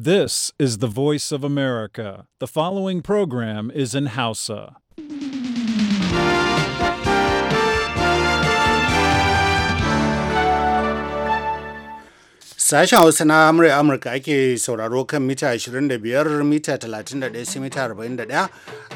This is the voice of America. The following program is in Hausa. Sashen Hausa na Amurka Amurka ake sauraro kan mita 25, mita 31 sai mita 41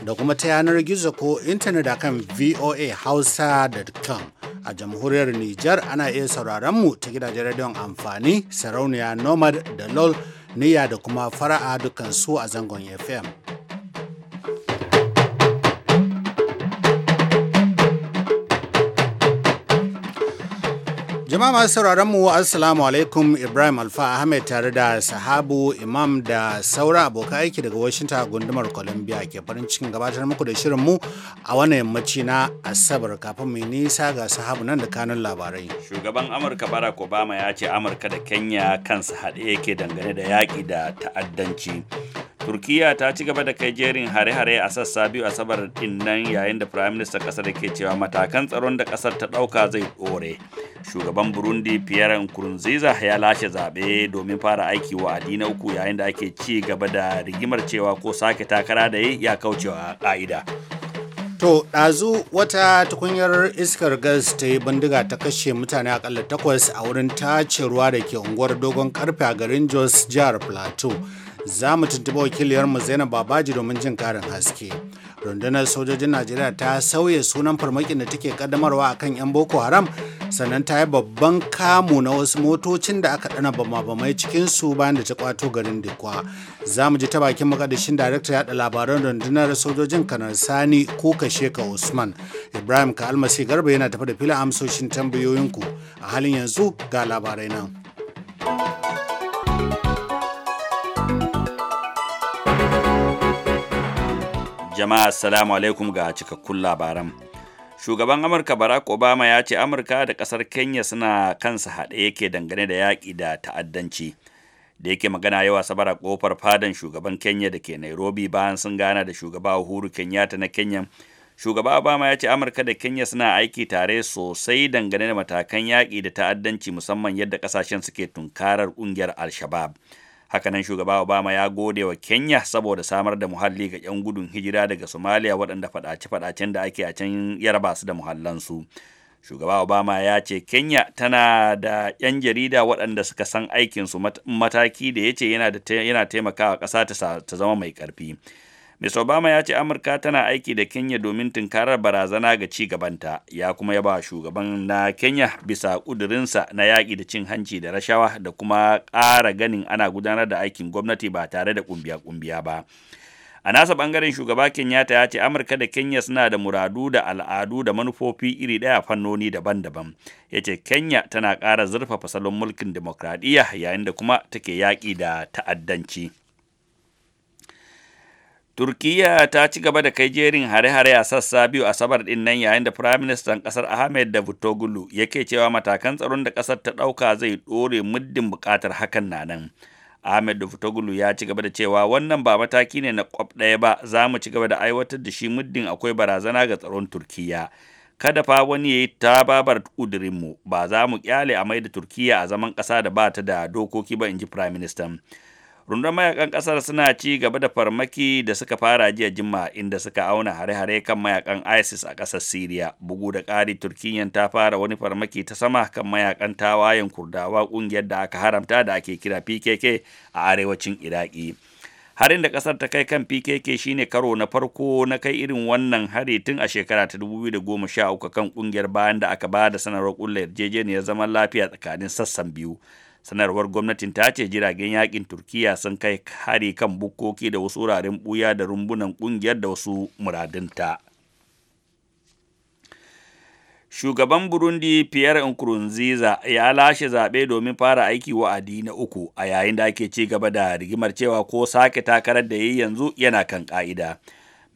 da kuma ta yanar gizo ko intanet akan voahausa.com. A jamhuriyar Nijar ana iya sauraron mu ta gidajen rediyon amfani, sarauniya Nomad da LOL. niyya da kuma fara'a dukansu a zangon FM. Jama'a masu sauraron mu Assalamu alaikum Ibrahim Alfa Ahmed tare da Sahabu Imam da saura abokan aiki daga Washington gundumar Columbia ke farin cikin gabatar muku da shirin mu a wannan yammaci na Asabar kafin mu nisa ga Sahabu nan da kanun labarai. Shugaban Amurka Barack Obama ya ce Amurka da Kenya kansu haɗe yake dangane da yaƙi da ta'addanci. turkiya ta ci gaba da kai jerin hare-hare a sassa biyu asabar din nan yayin da prime minister kasar ke cewa matakan tsaron da kasar ta dauka zai dore shugaban burundi pierre nkurunziza ya lashe zaɓe domin fara aiki wa na uku yayin da ake ci gaba da rigimar cewa ko sake takara da ya kaucewa ka'ida To, ɗazu wata tukunyar iskar gas ta yi bindiga ta kashe mutane akalla takwas a wurin tace ruwa da ke unguwar dogon karfe a garin Jos jihar Plateau. za mu tuntuɓi mu zainab babaji domin jin karin haske rundunar sojojin najeriya ta sauya sunan farmakin da take kaddamarwa kan 'yan boko haram sannan ta yi babban kamu na wasu motocin da aka dana bama-bamai cikin su bayan da ta kwato garin dikwa za mu ji ta bakin makadashin director yada labaran rundunar sojojin kanar sani kuka sheka usman ibrahim ka almasi garba yana tafi da fila amsoshin tambayoyinku a halin yanzu ga labarai nan Jama'a assalamu alaikum ga cikakkun labaran. Shugaban Amurka Barack Obama ya ce Amurka da ƙasar Kenya suna kansa haɗe yake dangane da yaƙi da ta'addanci. Da yake magana yawa sabara ƙofar fadan shugaban Kenya da ke Nairobi bayan sun gana da shugaba Uhuru Kenyatta na Kenya. Shugaba Obama ya ce Amurka da Kenya suna aiki tare sosai dangane da matakan yaƙi da ta'addanci musamman yadda ƙasashen suke tunkarar ƙungiyar Al-Shabaab. al hakanan shugaba obama ya gode wa kenya saboda samar da muhalli ga 'yan gudun hijira daga somalia waɗanda faɗace-faɗacen da ake a can yarba su da muhallansu shugaba obama ya ce kenya tana da 'yan jarida waɗanda suka san aikinsu mataki da ya ce yana taimakawa ƙasa ta zama mai ƙarfi. Mr. Obama ya ce Amurka tana aiki da Kenya domin tunkarar barazana ga ci gabanta, ya kuma yaba shugaban na Kenya bisa ƙudurinsa na yaƙi da cin hanci da rashawa da kuma ƙara ganin ana gudanar da aikin gwamnati ba tare da ƙumbiya-ƙumbiya ba. A nasa ɓangaren shugaba Kenyatta ya ce Amurka da Kenya suna da muradu da al'adu da manufofi iri ɗaya fannoni daban-daban. Ya ce Kenya tana ƙara zurfafa salon mulkin dimokuraɗiyya yayin da kuma take yaƙi da ta'addanci. Turkiyya ta ci gaba da kai jerin hare-hare a sassa biyu Asabar din nan yayin da Firaministan kasar Ahmed Davutoglu yake cewa matakan tsaron da ƙasar ta ɗauka zai dore muddin buƙatar hakan na nan. Ahmed Davutoglu ya ci gaba da cewa wannan ba mataki ne na kwab ɗaya ba za mu ci gaba da aiwatar da shi muddin akwai barazana ga tsaron Turkiyya. Kada fa wani ya yi tababar ƙudurinmu ba za mu kyale a mai da Turkiyya a zaman ƙasa da ba ta da dokoki ba in ji Firaministan. minister. rundunar mayakan kasar suna ci gaba da farmaki da suka fara jiya jimma inda suka auna hare-hare kan mayakan isis a ƙasar syria bugu da ƙari turkiyyar ta fara wani farmaki ta sama kan mayakan tawayen kurdawa ƙungiyar da aka haramta da ake kira pkk a arewacin iraki harin da ƙasar ta kai kan PKK shine karo na farko na kai irin wannan hari tun a shekara ta 2013 kan ƙungiyar bayan da aka bada sanarwar kullayar yarjejeniyar zaman lafiya tsakanin sassan biyu sanarwar gwamnatin ta ce jiragen yakin turkiya sun kai hari kan bukkoki da wasu wuraren buya da rumbunan kungiyar da wasu muradinta shugaban burundi pierre nkurunziza ya lashe zaɓe domin fara aiki wa'adi na uku a yayin da ake ci gaba da rigimar cewa ko sake takarar da yi yanzu yana kan ƙa'ida.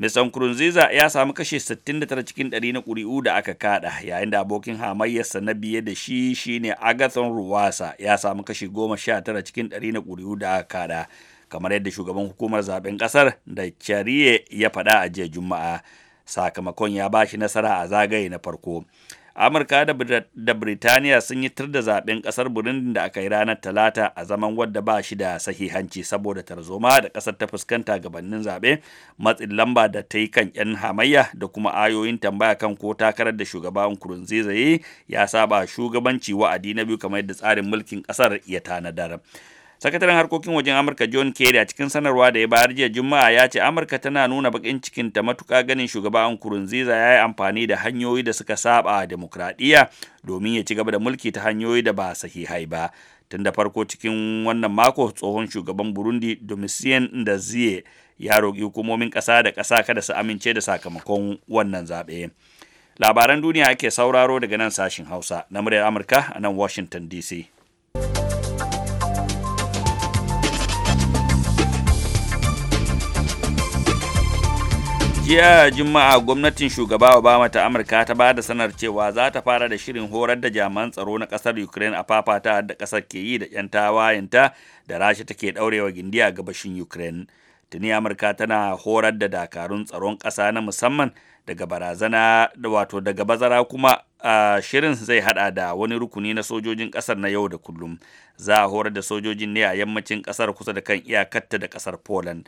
Mr. kurunziza ya samu kashe 69 cikin 100 na ƙuri'u da aka kaɗa yayin da abokin hamayyarsa na biye da shi shine Agathon Ruwasa ya samu kashe 19 cikin 100 na ƙuri'u da aka kaɗa kamar yadda shugaban hukumar zaben ƙasar da Chariye ya faɗa a jiya Juma'a sakamakon ya ba shi nasara a zagaye na farko. amurka da birtaniya sun yi tur da zaben kasar burundi da aka yi ranar talata a zaman wadda ba shi da sahihanci saboda tarzoma da kasar ta fuskanta gabanin zaɓe matsin lamba da ta yi kan 'yan hamayya da kuma ayoyin tambaya kan ko takarar da shugaba nkurunziza ya saba shugabanci wa'adi na biyu kamar yadda tsarin mulkin kasar ya tanadar. sakataren harkokin wajen amurka john kerry a cikin sanarwa da ya bayar jiya juma'a ya ce amurka tana nuna bakin cikin ta matuka ganin shugaba an nkurunziza ya yi amfani da hanyoyi da suka saba a demokradiyya domin ya ci gaba da mulki ta hanyoyi da ba sahihai ba tun da farko cikin wannan mako tsohon shugaban burundi domitien ndazie ya roƙi hukumomin ƙasa da ƙasa kada su amince da sakamakon wannan zaɓe labaran duniya ake sauraro daga nan sashen hausa na muryar amurka a nan washington dc jiya juma'a gwamnatin shugaba obama ta amurka ta bada sanar cewa za ta fara da shirin horar da jaman tsaro na kasar ukraine a fafata da kasar ke yi da 'yan tawayenta da rasha take daurewa gindi a gabashin ukraine tuni amurka tana horar da dakarun tsaron kasa na musamman daga barazana wato daga bazara kuma a shirin zai hada da wani rukuni na sojojin kasar na yau da kullum za a horar da sojojin ne a yammacin kasar kusa da kan iyakarta da kasar poland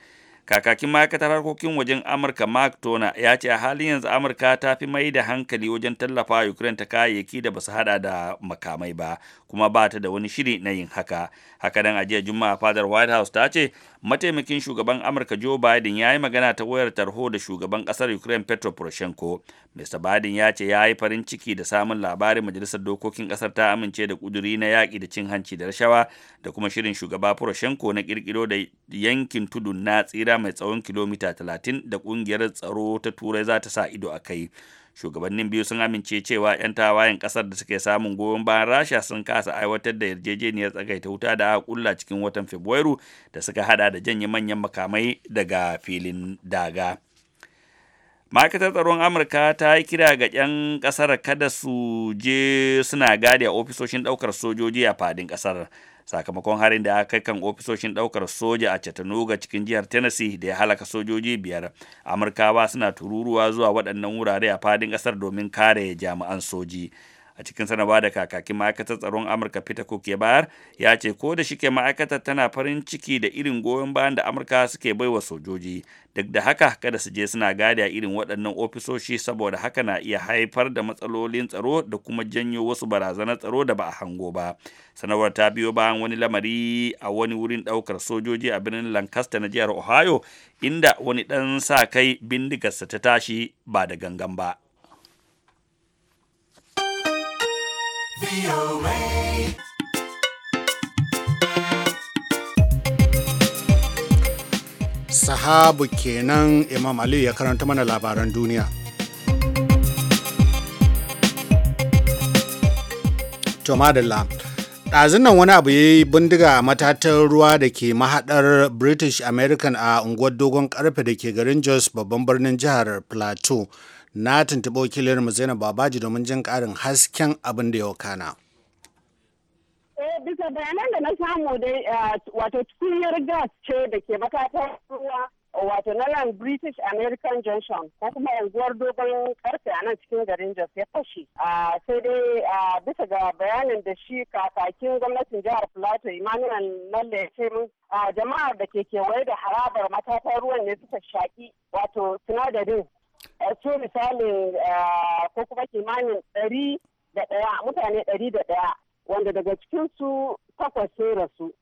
kakakin ma'aikatar harkokin wajen amurka mark tona ya ce a halin yanzu amurka ta fi mai da hankali wajen tallafa ukraine ta kayayyaki da basu hada da makamai ba kuma ba ta da wani shiri na yin haka haka dan jiya juma'a fadar white house ta ce mataimakin shugaban amurka joe biden ya yi magana ta wayar tarho da shugaban kasar ukraine petro poroshenko mr biden ya ce ya yi farin ciki da samun labarin majalisar dokokin kasar ta amince da kuduri na yaƙi da cin hanci da rashawa da kuma shirin shugaba poroshenko na kirkiro da yankin tudu na tsira mai tsawon kilomita 30 da ƙungiyar tsaro ta turai za ta sa ido a kai shugabannin biyu sun amince cewa 'yan tawayen kasar da suke samun goyon bayan rasha sun kasa aiwatar da yarjejeniyar tsagaita wuta da aka kulla cikin watan fabrairu da suka hada da janye manyan makamai daga filin daga ma'aikatar tsaron amurka ta yi kira ga 'yan kasar kada su je suna gadi a ofisoshin daukar sojoji a fadin kasar sakamakon harin da ya kai kan ofisoshin daukar soja a Chattanooga cikin jihar Tennessee da ya halaka sojoji biyar. Amurkawa suna tururuwa zuwa waɗannan wurare a fadin ƙasar domin kare jami'an soji. a cikin sanarwa da kakakin ma'aikatar tsaron amurka peter cook ya bayar ya ce ko da shike ma'aikatar tana farin ciki da irin goyon bayan da amurka suke baiwa sojoji duk da haka kada su je suna gadi a irin waɗannan ofisoshi saboda haka na iya haifar da matsalolin tsaro da kuma janyo wasu barazanar tsaro da ba a hango ba sanarwar ta biyo bayan wani lamari a wani wurin ɗaukar sojoji a birnin lancaster na jihar ohio inda wani ɗan sa kai bindigarsa ta tashi ba da gangan ba Sahabu kenan Imam Aliyu ya karanta mana labaran duniya. To madalla. nan wani abu ya yi bindiga a matatan ruwa da ke mahaɗar british american a unguwar dogon ƙarfe da ke garin jos babban birnin jihar plateau na tuntuɓi wakilinmu zainab babaji domin jin ƙarin hasken abin da ya wakana. Eh, bisa bayanan da na samu dai eh, wato tukunyar gas ce da ke makatar ruwa wato na nan british american junction ko kuma unguwar dogon karfe a nan cikin garin jos ya fashe ah, sai dai ah, bisa ga bayanin da shi kakakin gwamnatin jihar plateau emmanuel lalle ce ah, jama'ar da ke kewaye da harabar matatar ruwan ne suka shaki wato sinadarin ce eh, misali eh, ko kuma kimanin ɗari da ɗaya mutane ɗari da ɗaya wanda daga cikinsu takwas sun rasu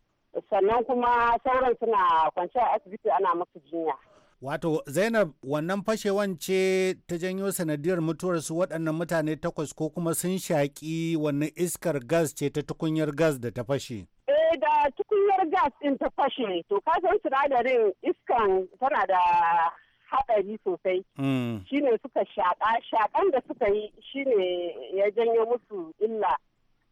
sannan kuma sauran suna kwanciya a asibiti ana masu jinya. Wato Zainab wannan fashewan ce ta janyo sanadiyar mutuwar su waɗannan mutane takwas ko kuma sun shaƙi wannan iskar gas ce ta tukunyar gas da ta fashe. Eh da tukunyar gas ɗin ta fashe to kasan sinadarin iskan tana da haɗari sosai mm. shine suka shaƙa shaƙan da suka yi shine ya janyo musu illa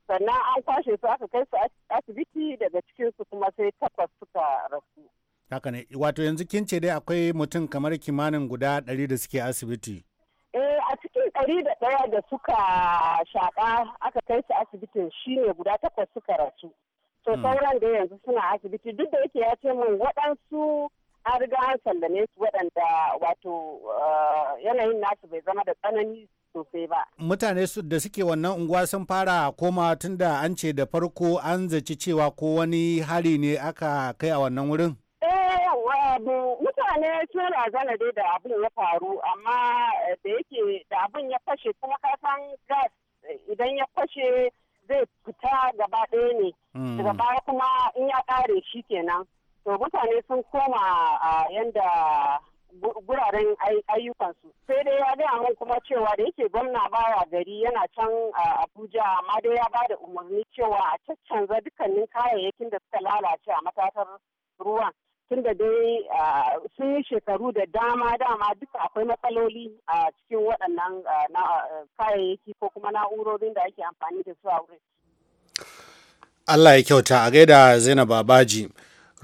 sannan an kwashe su aka kai su asibiti daga cikinsu kuma sai takwas suka rasu haka ne wato yanzu kin ce dai akwai mutum kamar kimanin guda ɗari da suke asibiti eh a cikin ɗari da ɗaya da suka shaƙa aka kai su asibitin shine guda takwas suka rasu to mm. sauran da yanzu suna asibiti duk da yake ya ce min waɗansu an riga an sallame su waɗanda wato eh, yanayin nasu bai zama da tsanani sosai ba. Mutane da suke wannan unguwa sun fara koma tun da an ce da farko an zaci cewa ko wani hari ne aka kai a wannan wurin? Eh, mutane sun razana dai da abin ya faru amma eh, da yake da abin ya fashe kuma kasan gas idan ya fashe zai fita gaba ɗaya ne hmm. daga baya kuma in ya ƙare shi kenan to mutane sun koma a yanda guraren ayyukansu sai dai ya gaya min kuma cewa da yake gwamna baya gari yana can abuja amma dai ya bada umarni cewa a caccanza dukkanin kayayyakin da suka lalace a matatar ruwan tunda dai sun yi shekaru da dama dama duka akwai matsaloli a cikin waɗannan kayayyaki ko kuma na'urorin da ake amfani da su a wurin. Allah ya kyauta a gaida Zainab Babaji.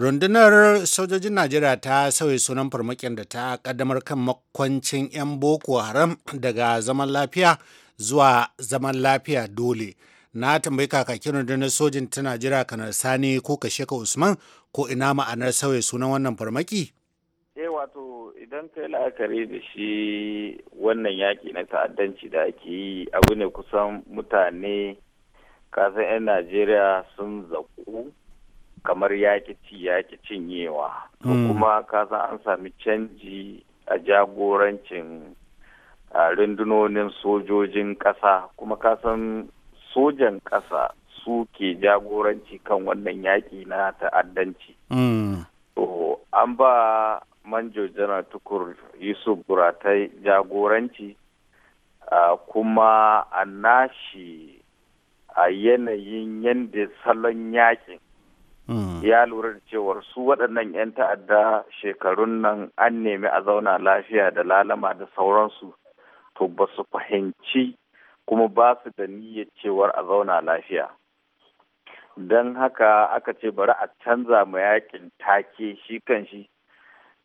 rundunar sojojin najeriya ta sauya sunan farmakin da ta kaddamar kan makwancin 'yan boko haram daga zaman lafiya zuwa zaman lafiya dole na tambayi kakakin rundunar sojin ta najeriya kanar sani ko ka kasheka usman ko ina ma'anar sauya sunan wannan farmaki eh wato idan kai la'akari da shi wannan yaƙi na ta'addanci da ake yi abu ne kusan mutane kasan 'yan najeriya sun zaku kamar yaƙi ci yaƙi cinyewa hmm. kuma ka san an sami canji a jagorancin rundunonin sojojin ƙasa kuma ka san sojan ƙasa su ke jagoranci kan wannan yaƙi na ta'addanci. Hmm. To, an ba manjo janar tukur Yusuf Buratai jagoranci kuma a nashi a yanayin yadda salon yakin. Mm. ya lura da cewar su waɗannan 'yan ta'adda shekarun nan an nemi a zauna lafiya da lalama da sauransu to ba su fahimci kuma ba su da niyyar cewar a zauna lafiya don haka aka ce bari a canza ma yakin take shi kan shi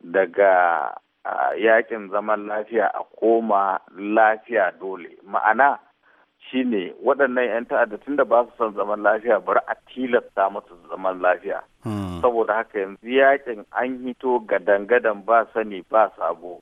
daga yakin zaman lafiya a koma lafiya dole ma'ana shine waɗannan 'yan ta'adda tun da ba su son zaman lafiya bari a tilasta musu zaman lafiya hmm. saboda haka yanzu yakin an hito gadan-gadan ba sani ba sabo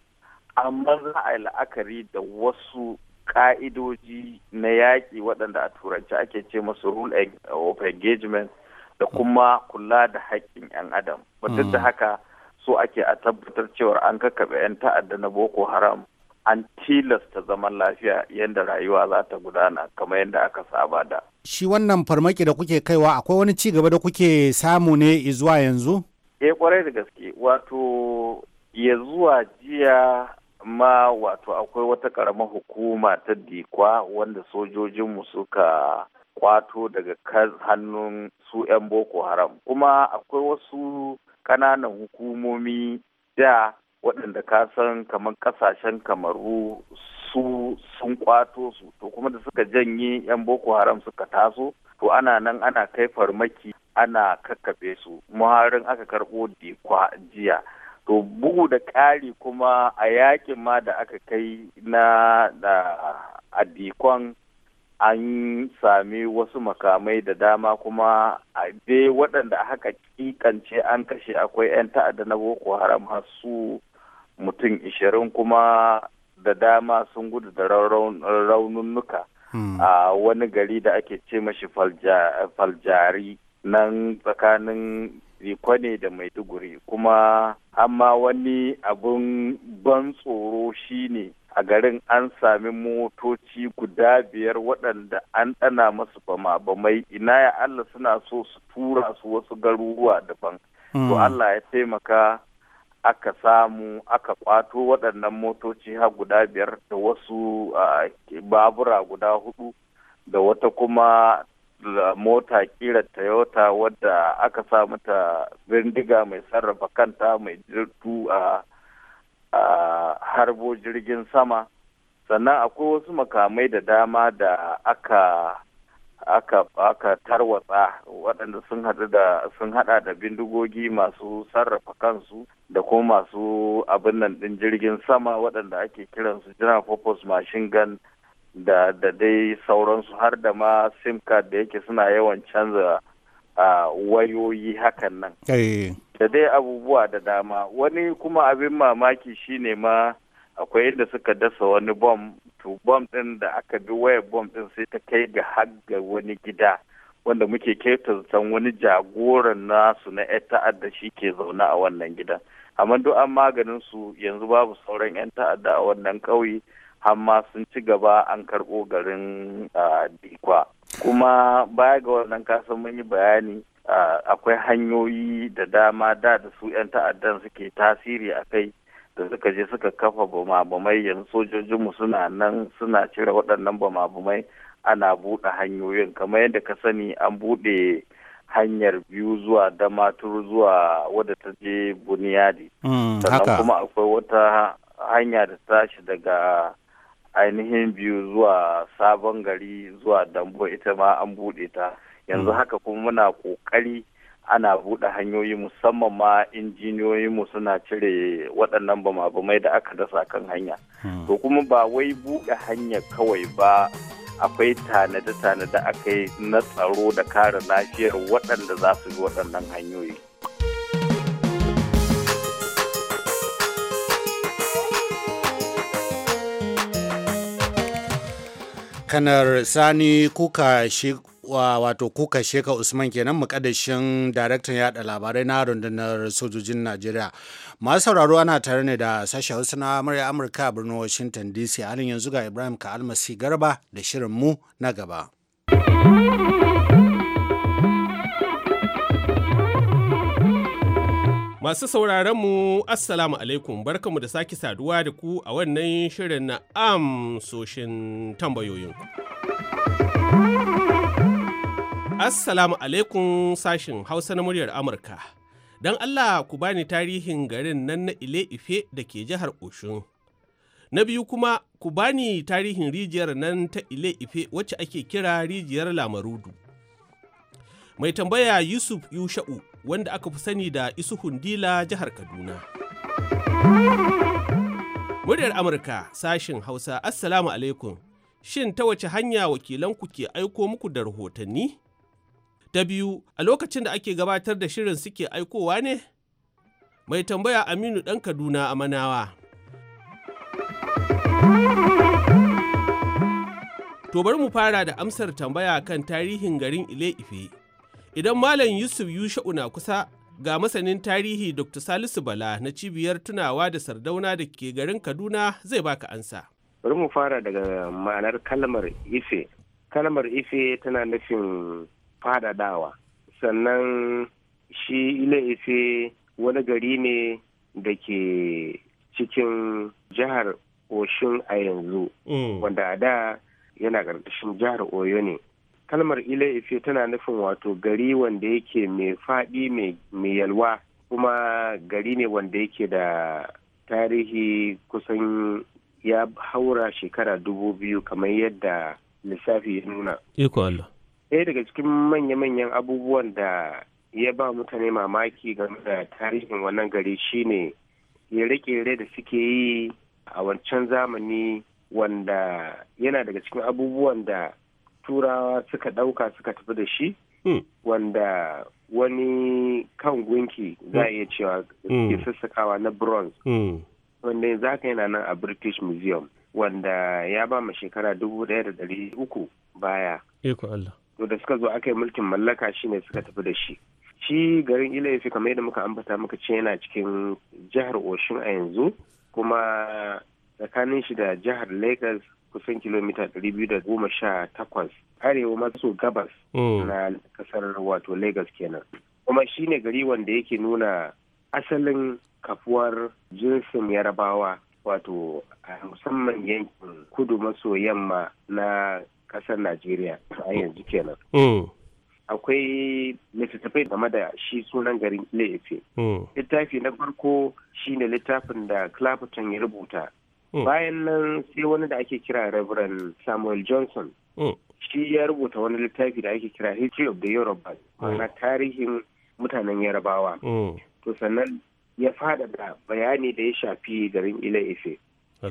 amma za a yi la'akari da wasu ka'idoji na yaƙi waɗanda a turanci ake ce masu rule of engagement da kuma kula da haƙƙin 'yan adam. duk da hmm. haka so ake a tabbatar cewar an kakkaɓe 'yan ta'adda na boko haram an tilasta zaman lafiya yadda rayuwa za ta gudana kamar yadda aka saba da. Shi wannan farmaki da kuke kaiwa akwai wani ci gaba da kuke samu ne zuwa yanzu? Eh kwarai da gaske wato ya zuwa jiya ma wato akwai wata karamar hukuma ta dikwa wanda sojojinmu suka kwato daga hannun su 'yan boko haram kuma akwai wasu ƙananan hukumomi da waɗanda ka san kamar ƙasashen kamaru su sun kwato su to kuma da suka janye 'yan boko haram suka taso to ana nan ana kai farmaki ana kakkaɓe su muharin aka karɓo dikwa jiya to bugu da ƙari kuma a yakin ma da aka kai na da adikon an sami wasu makamai da dama kuma a dai waɗanda haka kikance an kashe akwai 'yan ta'adda na boko haram su mutum ishirin kuma da dama sun gudu da raununnuka hmm. a wani gari da ake ce mashi faljari nan tsakanin rikwane da maiduguri kuma amma wani abun ban tsoro shine a garin an sami motoci guda biyar waɗanda an ɗana masu bama-bamai ina ya Allah suna so su tura su wasu garuruwa daban to hmm. Allah ya taimaka aka samu aka kwato waɗannan motoci har guda biyar da wasu babura guda hudu da wata kuma mota kira toyota wadda aka samu ta bindiga mai sarrafa kanta mai jirtu a harbo jirgin sama sannan akwai wasu makamai da dama da aka aka aka tarwatsa waɗanda sun haɗu da sun haɗa da bindigogi masu sarrafa kansu da kuma masu abin nan ɗin jirgin sama waɗanda ake kiransu general purpose machine gun da da dai sauransu har da ma sim card da yake suna yawan canza a wayoyi hakan nan eh. da dai abubuwa da dama wani kuma abin mamaki shine ma akwai inda suka dasa wani bom to bom din da aka bi waya bom din sai ta kai ga hagga wani gida wanda muke keta zaton wani jagoran nasu na yan ta'adda shi ke zaune a wannan gidan amma duk an maganin su yanzu babu sauran yan ta'adda a wannan ƙauye amma sun ci gaba an karɓo garin dikwa kuma baya ga wannan kasan mun yi bayani akwai hanyoyi da dama da da su yan ta'addan suke tasiri a kai da suka je suka kafa bumabumai yanzu sojojinmu suna nan suna cire waɗannan bumabumai ana buɗe hanyoyin kamar yadda ka sani an buɗe hanyar biyu zuwa damatur zuwa wadda ta je buniyadi mm, sannan kuma akwai wata hanya da tashi daga ainihin biyu zuwa sabon gari zuwa dambo ita ma an buɗe ta yanzu mm. haka kuma muna ƙoƙari ana buɗe hanyoyi musamman ma injiniyoyinmu suna cire waɗannan bamabamai bamai da aka dasa kan hanya hmm. to kuma ba wai buɗe hanya kawai ba akwai tanade-tanade aka yi na tsaro da kare lafiyar waɗanda za su bi waɗannan hanyoyi. kanar sani kuka shi wato kuka sheka usman kenan mukaddashin daraktan yada labarai na rundunar sojojin najeriya masu sauraro ana tare ne da sashen hausa na murya amurka birnin washington dc halin yanzu ga ibrahim ka almasi garba da shirin mu na gaba Masu sauraron mu Assalamu alaikum barkamu da sake saduwa da ku a wannan shirin na amsoshin tambayoyin. Assalamu alaikum sashin Hausa na muryar Amurka. Don Allah ku bani tarihin garin nan na Ile Ife da ke jihar Oshun. Na biyu kuma ku bani tarihin rijiyar nan ta Ile Ife wacce ake kira rijiyar Lamarudu. Mai tambaya Yusuf Yusha'u wanda aka fi sani da Isu Hundila jihar Kaduna. Muryar Amurka sashin Hausa Assalamu alaikum. Shin ta wace hanya wakilanku ke aiko muku da rahotanni? Ta biyu, a lokacin da ake gabatar da shirin suke aikowa ne? Mai tambaya Aminu ɗan Kaduna a Manawa. To bari mu fara da amsar tambaya kan tarihin garin Ile Ife. Idan Malam Yusuf Yusha'u na kusa ga masanin tarihi Dr. Salisu Bala na cibiyar tunawa da sardauna da ke garin Kaduna zai baka ansa. Bari mu fara daga ma'anar kalmar Ife. Kalmar Ife tana nufin faɗaɗawa sannan shi ile ife wani gari ne da ke cikin jihar oshin a yanzu mm. wanda a da yana ƙarƙashin jihar oyo ne kalmar ile ife tana nufin wato gari wanda yake mai faɗi mai yalwa kuma gari ne wanda yake da tarihi kusan ya haura shekara dubu biyu kamar yadda lissafi ya nuna. Iko Allah. ɗaya daga cikin manya-manyan abubuwan da ya ba mutane mamaki game da tarihin wannan gari shine kere-kere da suke yi a wancan zamani wanda yana daga cikin abubuwan da turawa suka ɗauka suka tafi da shi hmm. wanda wani kan gunki za a iya cewa hmm. ke sassakawa na bronze hmm. wanda yanzu haka yana nan a british museum wanda ya ba ma shekara dubu baya. to da suka zo aka yi mulkin mallaka shi ne suka tafi da shi shi garin ilayfi kamar yadda muka ambata muka ce yana cikin jihar oshin a yanzu kuma tsakanin shi da jihar lagos kusan kilomita da sha takwas. arewa maso gabas mm. na kasar wato lagos kenan kuma shi ne gari wanda yake nuna asalin kafuwar jinsin yarabawa wato musamman yankin kudu maso yamma na kasar najeriya a yanzu kenan mm. akwai littattafai game da shi sunan garin ilefe mm. littafi na farko ne littafin da clapton ya rubuta mm. bayan nan sai wani da ake kira reverend samuel johnson shi ya rubuta wani littafi da ake kira history of the yoruba ma'ana tarihin mutanen yarabawa to sannan ya fada da bayani da ya shafi garin ile ife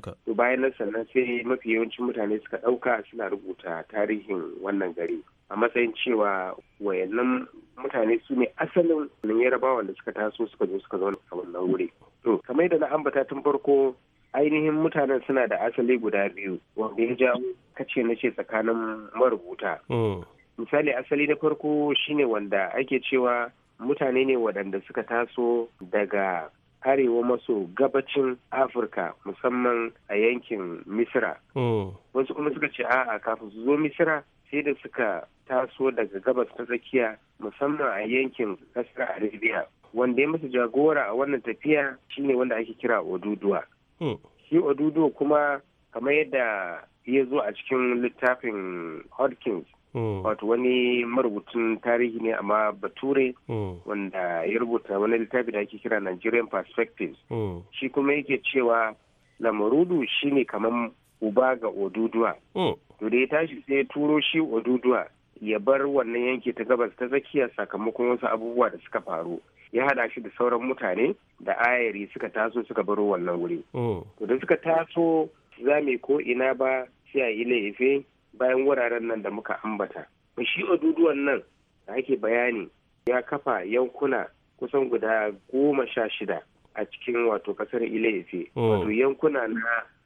to bayan nan sannan sai mafi yawancin mutane suka ɗauka suna rubuta tarihin wannan gari a matsayin cewa wayannan mutane su ne asalin yarabawa da suka taso suka zo suka zauna a wannan wuri to kamar da na ambata tun farko ainihin mutanen suna da asali guda biyu wanda ya jawo kace na ce tsakanin marubuta hmm. misali asali na farko shine wanda ake cewa mutane ne waɗanda suka taso daga arewa maso gabacin afirka musamman a yankin misira hmm. wasu kuma suka ce a'a kafin su zo misira sai da suka taso daga gabas ta tsakiya musamman a yankin kasar arabia wanda ya musu jagora a wannan tafiya shine wanda ake kira oduduwa hmm. shi oduduwa kuma kamar yadda ya zo a cikin littafin hodkins Mm. wato wani marubutun tarihi ne amma bature mm. wanda ya rubuta wani littafi da ake kira nigerian perspectives mm. shi kuma yake cewa lamarudu shine kamar uba ga oduduwa to da ya tashi sai ya turo shi oduduwa ya bar wannan yanki ta gabas ta tsakiya sakamakon wasu abubuwa da suka faru ya hada shi da sauran mutane da ayari suka taso suka baro wannan wuri to da suka taso za ko ina ba sai a yi bayan wuraren nan da muka ambata shi oduduwan nan da ake bayani ya kafa yankuna kusan guda goma sha shida a cikin wato kasar ilefe oh. wato yankuna na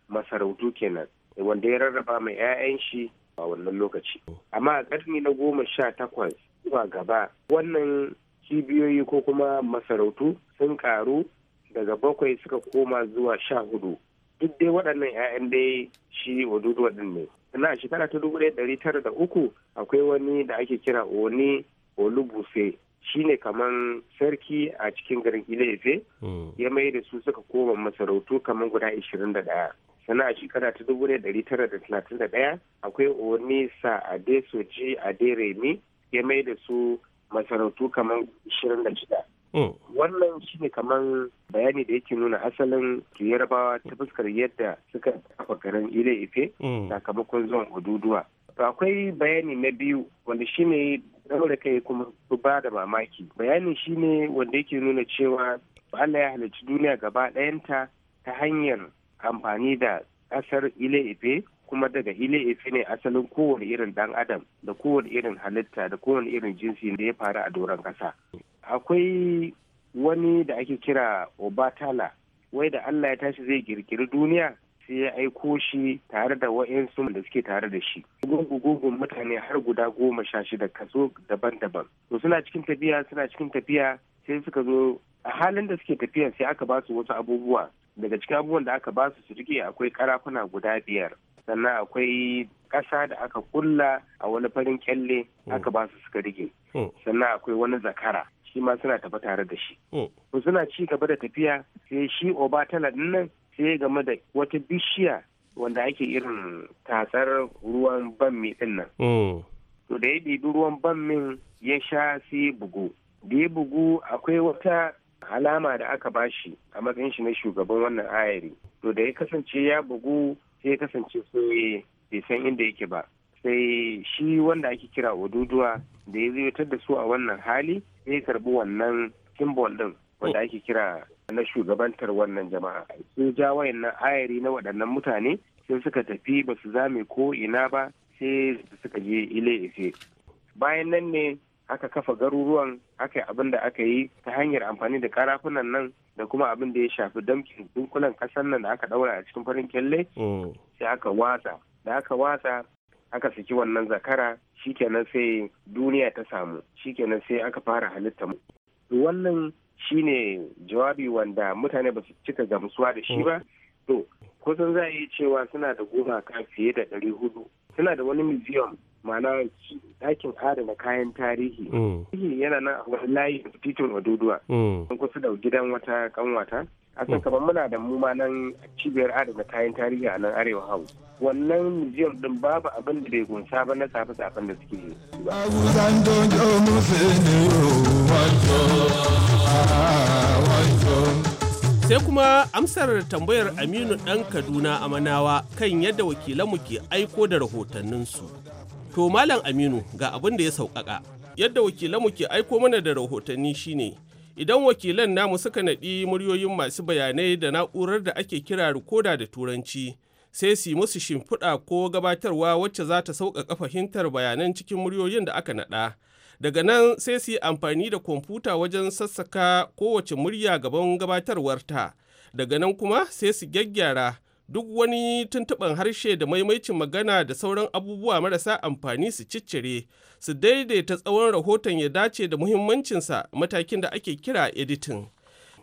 masarautu kenan wanda ya rarraba mai 'ya'yan shi a wannan lokaci amma a ƙarni na goma sha takwas zuwa gaba wannan cibiyoyi ko kuma masarautu sun karu daga bakwai suka koma zuwa sha hudu duk dai waɗannan 'ya'yan dai shi wadudu waɗannan ne sannan a shekara ta dubu ɗari tara da uku akwai wani da ake kira oni olubuse shine kaman sarki a cikin garin ilefe hmm. ya mai da su suka koma masarautu kaman guda ishirin da ɗaya sannan a shekara ta dubu ɗari tara da talatin da ɗaya akwai onisa adesoji aderemi ya mai da su masarautu kaman ishirin da shida Mm. wannan shi ne kamar bayani da yake nuna asalin yarabawa ta fuskar yadda suka kafa garin ile ife mm. sakamakon zuwan ududuwa to akwai bayani na biyu wanda shi ne daura kai kuma ba da mamaki bayani shi ne wanda yake nuna cewa Allah ya halarci duniya gaba ɗayanta ta hanyar amfani da ƙasar ile ife kuma daga ile ife ne asalin kowane irin dan adam da kowane irin halitta da kowane irin jinsi da ya faru a doron ƙasa akwai wani da ake kira obatala wai da allah ya tashi zai girgiri duniya sai ya aiko shi tare da wa'yansu da suke tare da shi gungu-gungun mutane har guda goma sha shida kaso daban-daban to suna cikin tafiya suna cikin tafiya sai suka zo a halin da suke tafiya sai aka ba su wasu abubuwa daga cikin abubuwan da aka ba su su rike akwai karafuna guda biyar sannan akwai ƙasa da aka kulla a wani farin kyalle hmm. aka ba su suka rike hmm. sannan akwai wani zakara shi ma suna tafi tare da shi. ko oh. suna ci gaba da tafiya sai shi oba tala nan sai game da wata bishiya wanda ake irin tatsar ruwan bammi din nan. Oh. To da ya ɗibi ruwan bammin ya sha sai bugu. Da ya bugu akwai wata alama da aka bashi a matsayin shi na shugaban wannan ayari. To da ya kasance ya bugu sai ya kasance sai bai san inda yake ba. Sai shi wanda ake kira ododuwa da ya zai da su a wannan hali sai ya karbi wannan kimbol din wanda ake kira na shugabantar wannan jama'a sun ja wayannan ayari na waɗannan mutane sun suka tafi ba su zame ko ina ba sai suka je ile ife bayan nan ne aka kafa garuruwan aka yi abin da aka yi ta hanyar amfani da karafunan nan da kuma abin da ya shafi damkin dunkulan kasan nan da aka ɗaura a cikin farin kyalle mm. sai aka watsa da aka watsa aka saki wannan zakara shikenan sai duniya ta samu shikenan sai aka fara halitta mu. wannan shine jawabi wanda mutane ba su cika gamsuwa da shi ba to kusan za a yi cewa suna da gumaka fiye da ɗari hudu suna da wani museum ma'ana ɗakin adana kayan tarihi mm. yana nan a wani layi titin ododuwa mm. kusa da gidan wata kanwata san hmm. kamar muna da mu ma nan cibiyar adana kayan tarihi a nan arewa hau wannan museum din babu abin da bai gunsa ba na safe safen da suke yi sai kuma amsar tambayar aminu ɗan kaduna a manawa kan yadda wakilanmu ke aiko da rahotanninsu to malam aminu ga abin da ya sauƙaƙa yadda wakilanmu ke aiko mana da rahotanni shine idan wakilan namu suka naɗi muryoyin masu bayanai da na'urar da ake kira rikoda da turanci sai su musu shimfiɗa ko gabatarwa wacce za ta sauƙaƙa fahimtar bayanan cikin muryoyin da aka naɗa daga nan sai su yi amfani da kwamfuta wajen sassaka kowace murya gaban gabatarwarta daga nan kuma sai su gyaggyara duk wani tuntuɓan harshe da maimaicin magana da sauran abubuwa marasa amfani su ciccire su daidaita tsawon rahoton ya dace da muhimmancinsa matakin da ake kira editing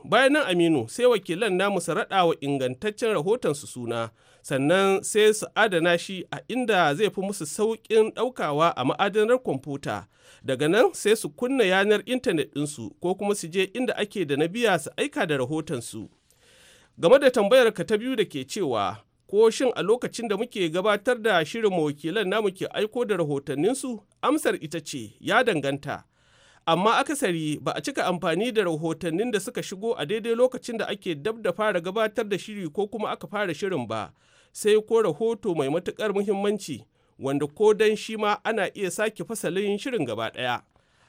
bayan nan aminu sai wakilan namu su raɗa wa ingantaccen rahoton su suna sannan sai su adana shi a inda zai fi musu sauƙin ɗaukawa a ma'adanar kwamfuta daga nan sai su kunna yanar intanet ɗinsu ko kuma su je inda ake da na biya su aika da rahoton su. game da tambayar ka ta biyu da ke cewa ko shin a lokacin da muke gabatar da shirin wakilan namu ke aiko da rahotanninsu amsar ita ce ya danganta amma akasari ba a cika amfani da rahotannin da suka shigo a daidai lokacin da ake dab da fara gabatar da shiri ko kuma aka fara shirin ba sai ko rahoto mai matukar muhimmanci wanda ko dan shi ma ana iya sake fasalin shirin gaba ɗaya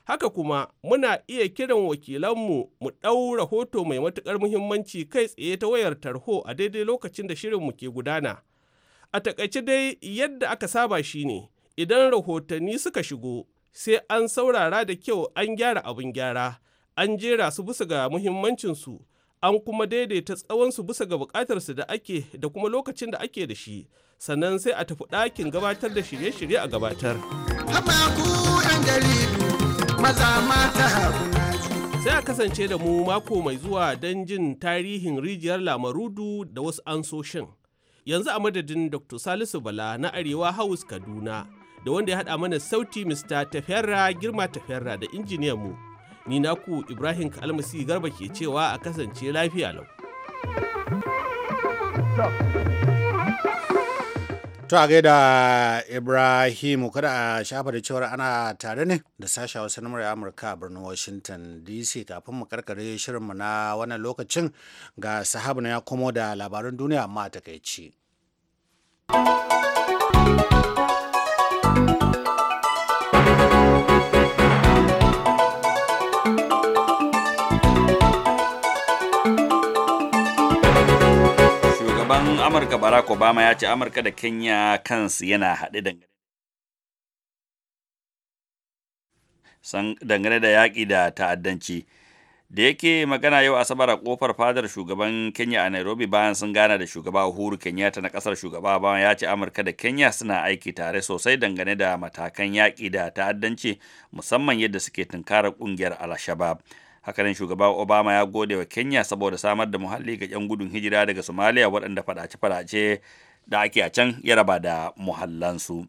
Haka kuma muna iya kiran wakilanmu mu ɗau rahoto mai matuƙar muhimmanci kai tsaye ta wayar tarho a daidai lokacin da shirinmu ke gudana. A taƙaice dai yadda aka saba shi ne, idan rahotanni suka shigo, sai an saurara da kyau an gyara abin gyara, an jera su bisa ga muhimmancinsu, an kuma daidaita tsawonsu bisa ga buƙatarsu da ake da kuma lokacin da ake da shi, sannan sai a tafi ɗakin gabatar da shirye-shirye a gabatar. Haba ku ɗan jaridu maza mata sai a kasance da mu mako mai zuwa don jin tarihin rijiyar lamarudu da wasu ansoshin yanzu a madadin dr salisu bala na arewa haus kaduna da wanda ya haɗa mana sauti mr tafiyarra girma tafiyarra da injiniyan mu ni naku ibrahim kalmasi garba ke cewa a kasance lafiya lau To a gaida ibrahim kada a shafa da cewar ana tare ne da sasha wasu na murya Amurka a birnin Washington DC kafin mu karkare shirinmu na wannan lokacin ga sahabu na ya komo da labarin duniya amma a takaici. shugaban amurka barack obama ya ce amurka da kenya kansu yana haɗe dangane da yaƙi da ta'addanci da yake magana yau asabar a kofar fadar shugaban kenya a nairobi bayan sun gana da shugaba uhuru kenyatta na ƙasar shugaba bayan ya ce amurka da kenya suna aiki tare sosai dangane da matakan yaƙi da ta'addanci musamman yadda suke tunkarar ƙungiyar al hakanan shugaba obama ya gode wa kenya saboda samar da muhalli ga 'yan gudun hijira daga somalia waɗanda faɗace fadace da ake a can ya raba da muhallansu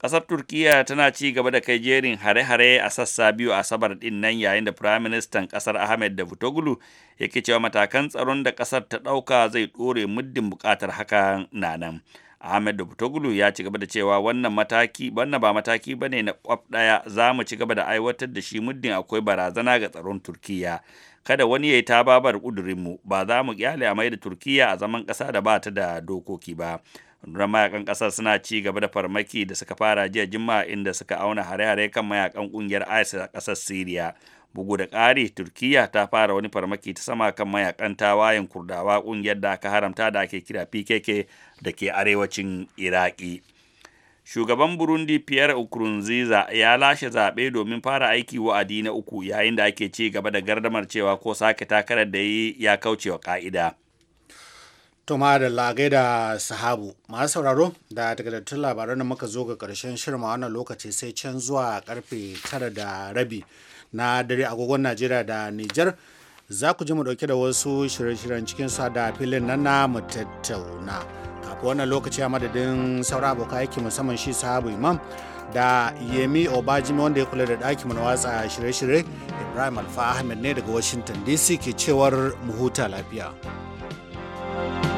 ƙasar turkiyya tana ci gaba da kai jerin hare-hare a sassa biyu a sabar ɗin nan yayin da firaministan ƙasar ahmed da davutoglu yake cewa matakan tsaron da ƙasar ta ɗauka zai ɗore muddin buƙatar haka na nan Ahmed Davutoglu ya ci gaba da cewa wannan mataki wannan ba mataki ba ne na kwaf ɗaya za mu ci gaba da aiwatar da shi muddin akwai barazana ga tsaron Turkiyya. Kada wani ya yi tababar ƙudurinmu ba za mu kyale a mai da Turkiyya a zaman ƙasa da ba ta da dokoki ba. rundunar mayakan kasar suna ci gaba da farmaki da suka fara jiya juma'a inda suka auna hare-hare kan mayakan kungiyar isis a kasar syria bugu da ƙari turkiya ta fara wani farmaki ta sama kan mayakan tawayen kurdawa ƙungiyar da aka haramta da ake kira pkk da ke arewacin iraki shugaban burundi pierre nkurunziza ya lashe zaɓe domin fara aiki wa'adi na uku yayin da ake ci gaba da gardamar cewa ko sake takarar da yi ya kauce wa ƙa'ida toma da lagai da sahabu masu sauraro da takardattun labaran da muka zo ga karshen shirma wannan lokaci sai can zuwa karfe tara da rabi na dare agogon najeriya da niger za ku ji mu dauke da wasu shirye-shiryen cikin sa da filin nan na mu tattauna kafin wannan lokaci a madadin sauran abokai aiki musamman shi sahabu imam da yemi obajimi wanda ya kula da mu na watsa shirye-shirye ibrahim alfa ahmed ne daga washington dc ke cewar mu huta lafiya. thank you